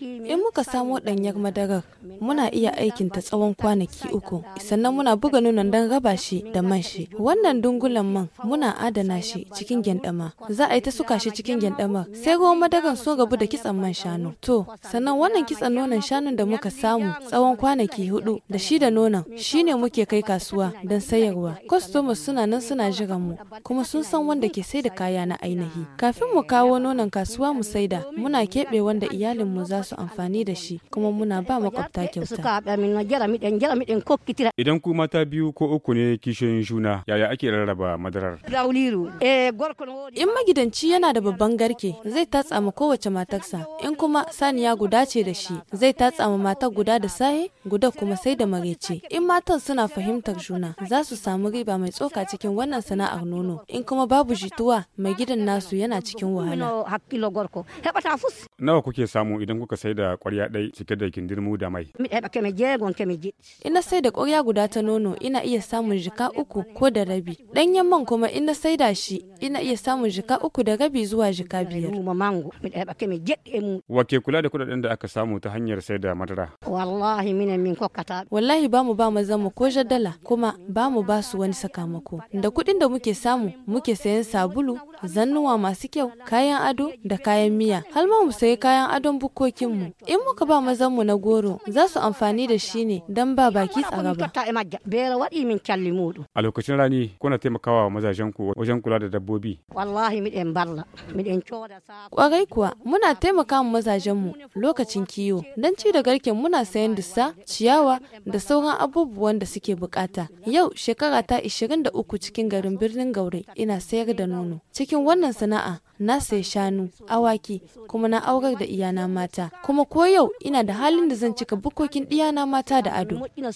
In muka samu ɗanyar madarar, muna iya aikin ta tsawon kwanaki uku, sannan muna buga nunan don raba shi da man shi. Wannan dungulan man muna adana shi cikin gyandama. Za a yi ta suka shi cikin gyanɗamar. sai ruwan madarar sun rabu da kitsan man shanu. To, sannan wannan kitsan nonon shanun da muka samu tsawon kwanaki hudu da shi da nonon shine muke kai kasuwa don sayarwa. Customers suna nan suna jiran mu, kuma sun san wanda ke sai da kaya na ainihi. Kafin mu kawo nonon kasuwa mu saida, muna muna keɓe wanda iyalinmu za su amfani da shi kuma muna ba makwabta kyauta. Idan ku mata biyu ko uku ne kishiyoyin juna yaya ake rarraba madarar? In magidanci yana da babban garke zai tatsa ma kowace matarsa in kuma saniya guda ce da shi zai tatsa ma matar guda da sahi guda kuma sai da marece. In matan suna fahimtar juna za su samu riba mai tsoka cikin wannan sana'ar nono in kuma babu jituwa mai gidan nasu yana cikin wahala. Nawa kuke samu idan kuka sai da ƙwarya ɗai cike da kindirmu da mai? Ina sai da ƙwarya guda ta nono ina iya samun jika uku ko da rabi. Ɗanyen man kuma ina sai da shi ina iya samun jika uku da rabi zuwa jika biyar. Wake eh, kula da kuɗaɗen da aka samu ta hanyar sai da madara? Wallahi mina min kokata. Wallahi ba mu ba mu zama ko jaddala kuma ba mu ba su wani sakamako. Da kuɗin da muke samu muke sayan sabulu, zannuwa masu kyau, kayan ado da kayan miya. halma kuma mu sayi kayan adon bukokinmu. In muka ba mazan mu na goro, za su amfani da shi ne don ba baki tsara ba. A lokacin rani, kuna taimakawa wa mazajenku wajen kula da dabbobi. Kwarai kuwa, muna taimakawa mazajenmu lokacin kiwo. Don ci da garken muna sayan dusa ciyawa da sauran abubuwan da suke bukata. Yau shekara ta 23 cikin garin birnin Gaure ina sayar da nono. Cikin wannan sana'a na sai shanu, awaki, kuma na aurar da iyana mata. Kuma ko yau ina da halin da zan cika bukokin iyana mata da ado.